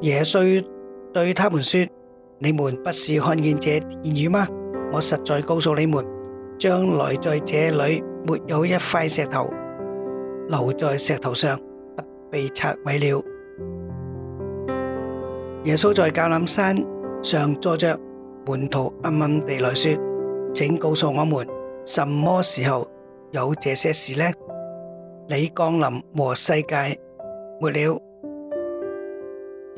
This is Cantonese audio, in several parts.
耶穌對他們說：你們不是看見這殿宇嗎？我實在告訴你們，將來在這裏沒有一塊石頭留在石頭上不被拆毀了。耶穌在橄欖山上坐着，門徒暗暗地來說：請告訴我們，什麼時候有這些事呢？你降臨和世界末了，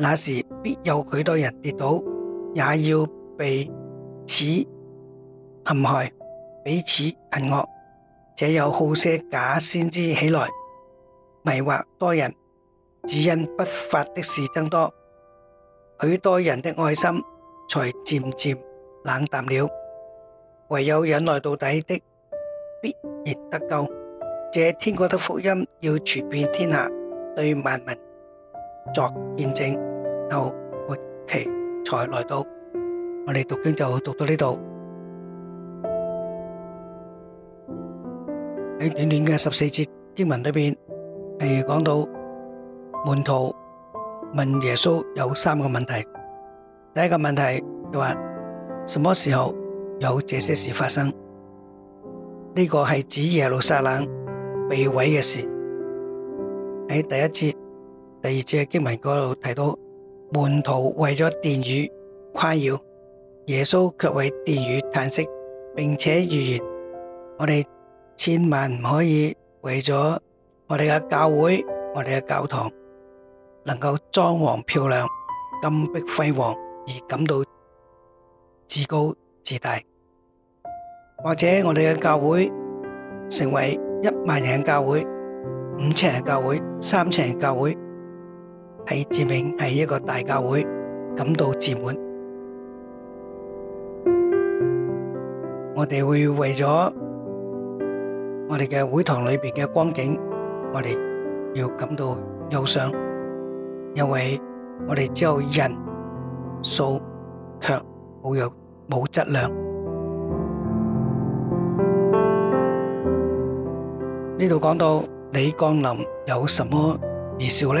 那時必有許多人跌倒，也要彼此陷害，彼此恨惡。這有好些假先知起來，迷惑多人，只因不法的事增多，許多人的愛心才漸漸冷淡了。唯有忍耐到底的，必然得救。這天國的福音要傳遍天下，對萬民作見證。到末期才來到，我哋讀經就讀到呢度。喺短短嘅十四節經文裏邊，譬如講到門徒問耶穌有三個問題。第一個問題就話：什麼時候有這些事發生？呢個係指耶路撒冷被毀嘅事。喺第一節、第二節經文嗰度提到。門徒為咗殿宇誇耀，耶穌卻為殿宇嘆息，並且預言：我哋千萬唔可以為咗我哋嘅教會、我哋嘅教堂能夠裝潢漂亮、金碧輝煌而感到自高自大，或者我哋嘅教會成為一萬人嘅教會、五千人嘅教會、三千人嘅教會。係志明係一個大教會，感到自滿。我哋會為咗我哋嘅會堂裏邊嘅光景，我哋要感到憂傷，因為我哋只有人數，卻冇有冇質量。呢度講到你降臨有什麼預兆呢？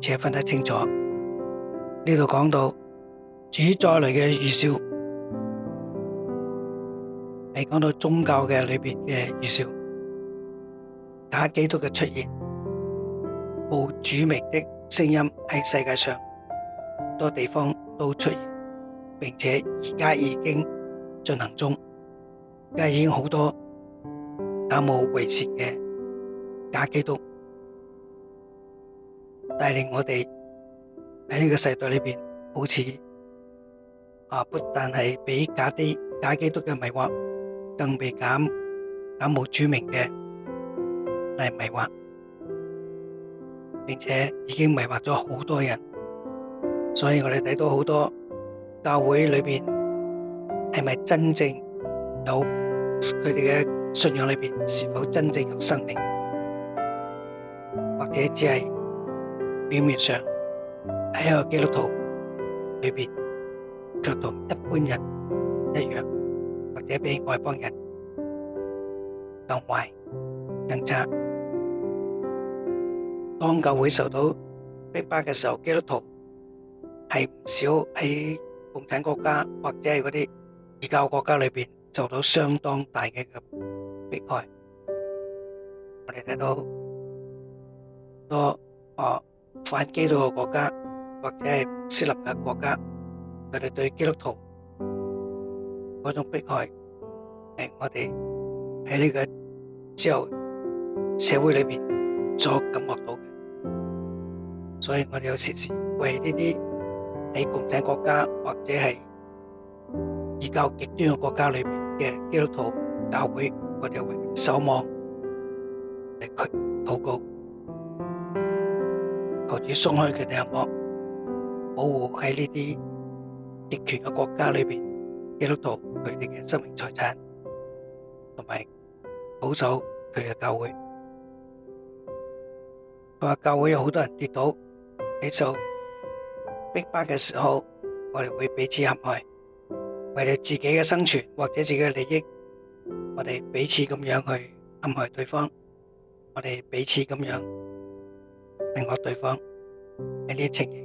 且分得清楚，呢度講到主再嚟嘅預兆，係講到宗教嘅裏邊嘅預兆，假基督嘅出現，報主名的聲音喺世界上多地方都出現，並且而家已經進行中，而家已經好多打冇維持嘅假基督。帶領我哋喺呢個世代裏邊保持啊，不但係俾假的假基督嘅迷惑，更被假假冒主名嘅嚟迷惑，並且已經迷惑咗好多人。所以我哋睇到好多教會裏邊係咪真正有佢哋嘅信仰裏邊是否真正有生命，或者只係？表面上喺個基督徒裏邊，卻同一般人一樣，或者比外邦人更壞、更差。當教會受到逼迫嘅時候，基督徒係唔少喺共產國家或者係嗰啲異教國家裏邊受到相當大嘅迫害。我哋睇到，咁我。反基督國家或者係穆斯林嘅國家，佢哋對基督徒嗰種迫害，係我哋喺呢個之後社會裏邊所感覺到嘅，所以我哋要時時為呢啲喺共產國家或者係比較極端嘅國家裏邊嘅基督徒教會，我哋為佢哋守望，向佢禱告。求主鬆開佢哋眼膜，保護喺呢啲極權嘅國家裏邊，基督道佢哋嘅生命財產，同埋保守佢嘅教會。佢話教會有好多人跌倒，喺度逼巴嘅時候，我哋會彼此陷害。為了自己嘅生存或者自己嘅利益，我哋彼此咁樣去陷害對方，我哋彼此咁樣。令我對方喺呢啲情形，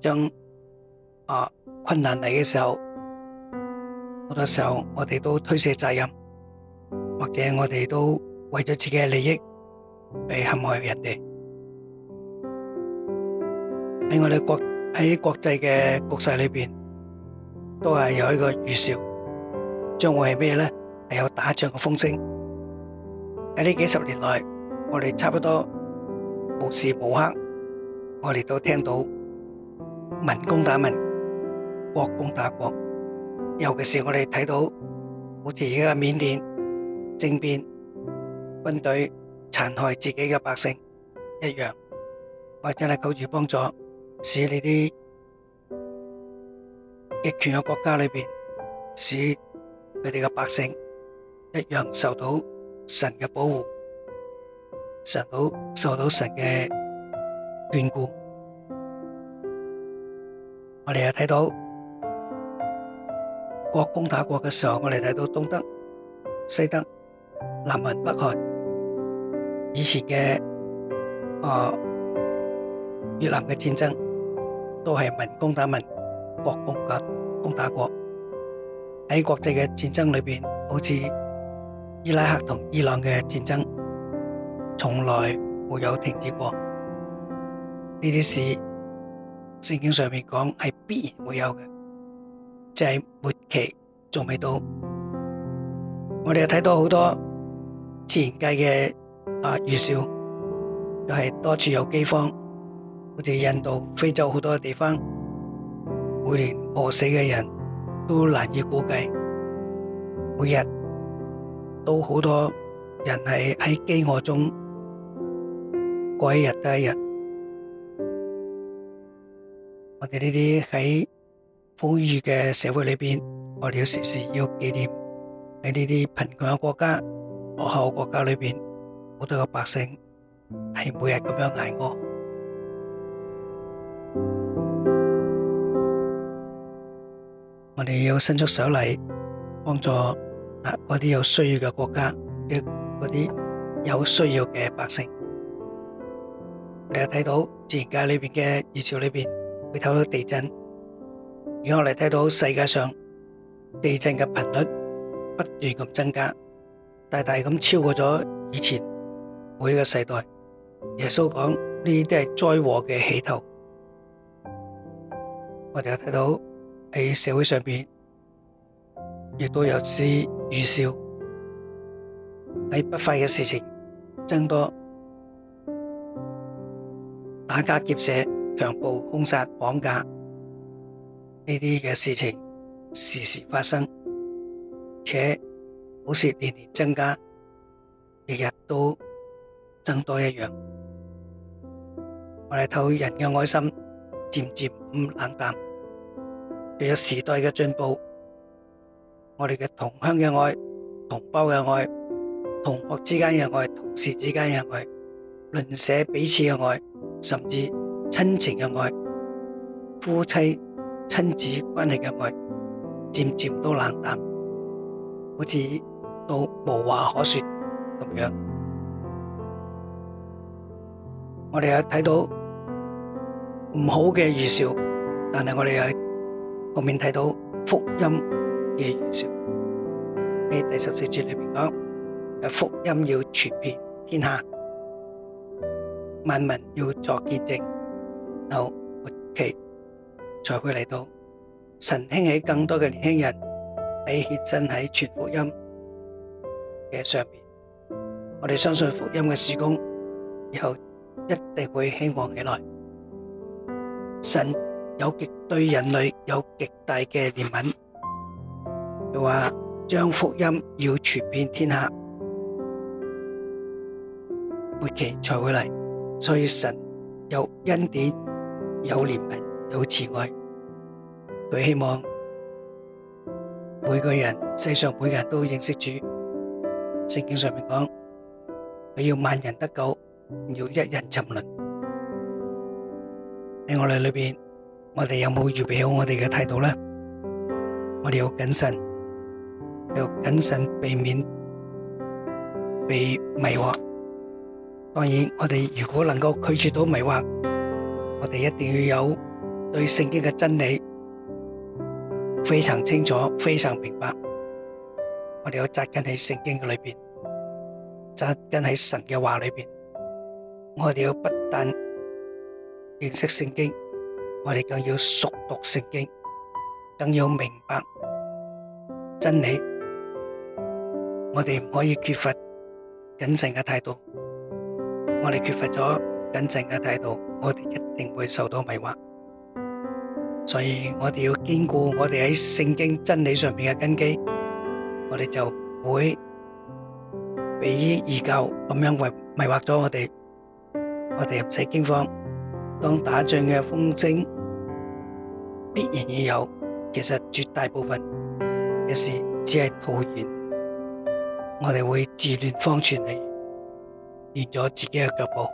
將啊困難嚟嘅時候，好多時候我哋都推卸責任，或者我哋都為咗自己嘅利益，被陷害人哋。喺我哋國喺國際嘅局勢裏邊，都係有一個預兆，將會係咩咧？係有打仗嘅風聲。喺呢幾十年來，我哋差不多。無時無刻，我哋都聽到民攻打民，國攻打國。尤其是我哋睇到好似而家緬甸政變，軍隊殘害自己嘅百姓一樣，或者係求住幫助，使呢啲極權嘅國家裏面，使佢哋嘅百姓一樣受到神嘅保護。神到受到神嘅眷顧，我哋又睇到國攻打國嘅時候，我哋睇到東德、西德、南韓、北韓，以前嘅呃越南嘅戰爭都係民攻打民、國攻及攻打國。喺國際嘅戰爭裏面，好似伊拉克同伊朗嘅戰爭。從來沒有停止過呢啲事，聖經上面講係必然會有嘅，就係末期仲未到。我哋又睇到好多自然界嘅啊預兆，就係多處有饑荒，好似印度、非洲好多嘅地方，每年餓死嘅人都難以估計，每日都好多人係喺飢餓中。過一日得一日，我哋呢啲喺富裕嘅社會裏邊，我哋要時時要紀念喺呢啲貧窮嘅國家、落後嘅國家裏邊，好多嘅百姓係每日咁樣挨餓，我哋要伸出手嚟幫助啊嗰啲有需要嘅國家嘅嗰啲有需要嘅百姓。我哋睇到自然界裏邊嘅預兆，裏面會睇到地震，後我哋睇到世界上地震嘅頻率不斷咁增加，大大咁超過咗以前每一個時代。耶穌講呢啲都係災禍嘅起頭，我哋又睇到喺社會上面，亦都有啲預兆喺不快嘅事情增多。打家劫舍、強暴、兇殺、綁架呢啲嘅事情時時發生，且好似年年增加，日日都增多一樣。我哋睇人嘅愛心漸漸咁冷淡，隨着時代嘅進步，我哋嘅同鄉嘅愛、同胞嘅愛、同學之間嘅愛、同事之間嘅愛，鄰舍彼此嘅愛，甚至親情嘅愛、夫妻、親子關係嘅愛，漸漸都冷淡，好似到無話可說咁樣。我哋有睇到唔好嘅預兆，但係我哋喺後面睇到福音嘅預兆。喺第十四節裏邊講，誒，福音要傳遍天下。萬民要作見證，然後末期才會嚟到。神興起更多嘅年輕人喺獻身喺全福音嘅上面，我哋相信福音嘅事工以後一定會興旺起來。神有極對人類有極大嘅憐憫，佢話將福音要傳遍天下，末期才會嚟。所以神有恩典，有憐憫，有慈愛。佢希望每個人世上每個人都認識主。聖經上面講，佢要萬人得救，唔要一人沉淪。喺我哋裏面，我哋有冇預備好我哋嘅態度呢？我哋要謹慎，要謹慎，避免被迷惑。當然，我哋如果能夠拒絕到迷惑，我哋一定要有對聖經嘅真理非常清楚、非常明白。我哋要扎根喺聖經裏面，扎根喺神嘅話裏面。我哋要不但認識聖經，我哋更要熟讀聖經，更要明白真理。我哋唔可以缺乏謹慎嘅態度。我哋缺乏咗謹慎嘅態度，我哋一定會受到迷惑。所以我哋要堅固我哋喺聖經真理上面嘅根基，我哋就唔會被異教咁樣迷迷惑咗我哋。我哋入世驚慌，當打仗嘅風聲必然已有，其實絕大部分嘅事只係徒然。我哋會自亂方寸嚟完咗自己嘅腳步，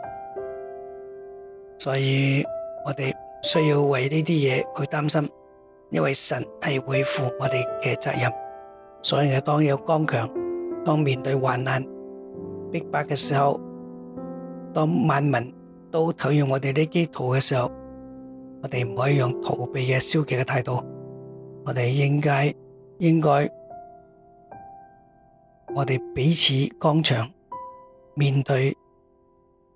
所以我哋需要為呢啲嘢去擔心，因為神係會負我哋嘅責任。所以當有剛強，當面對患難、逼迫嘅時候，當萬民都討厭我哋呢啲徒嘅時候，我哋唔可以用逃避嘅消極嘅態度，我哋應該應該我哋彼此剛強。面對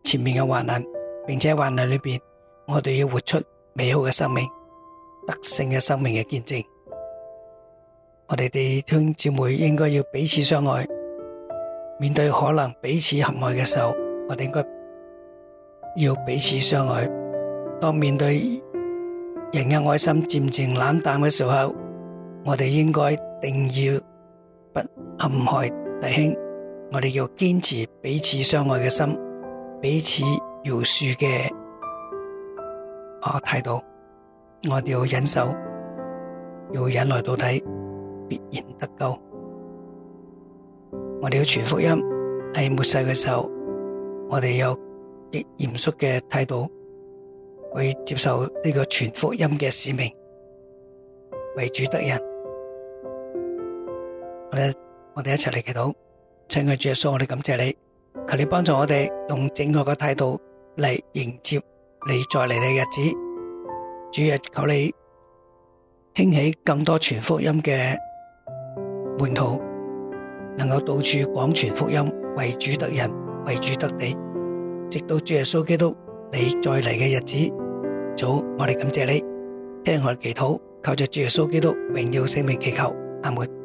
前面嘅患難，並且患難裏邊，我哋要活出美好嘅生命、得勝嘅生命嘅見證。我哋弟兄姊妹應該要彼此相愛，面對可能彼此陷害嘅時候，我哋應該要彼此相愛。當面對人嘅愛心漸漸冷淡嘅時候，我哋應該定要不陷害弟兄。我哋要堅持彼此相愛嘅心，彼此饒恕嘅啊態度，我哋要忍受，要忍耐到底，必然得救。我哋要傳福音喺末世嘅時候，我哋要極嚴肅嘅態度去接受呢個傳福音嘅使命，為主得人。我哋我哋一齊嚟祈禱。請我主耶穌，我哋感謝你，求你幫助我哋用正確嘅態度嚟迎接你再嚟嘅日子。主耶穌，求你興起更多傳福音嘅門徒，能夠到處廣傳福音，為主得人、為主得地，直到主耶穌基督你再嚟嘅日子。主，我哋感謝你，聽我祈禱，靠着主耶穌基督榮耀聖名祈求，阿門。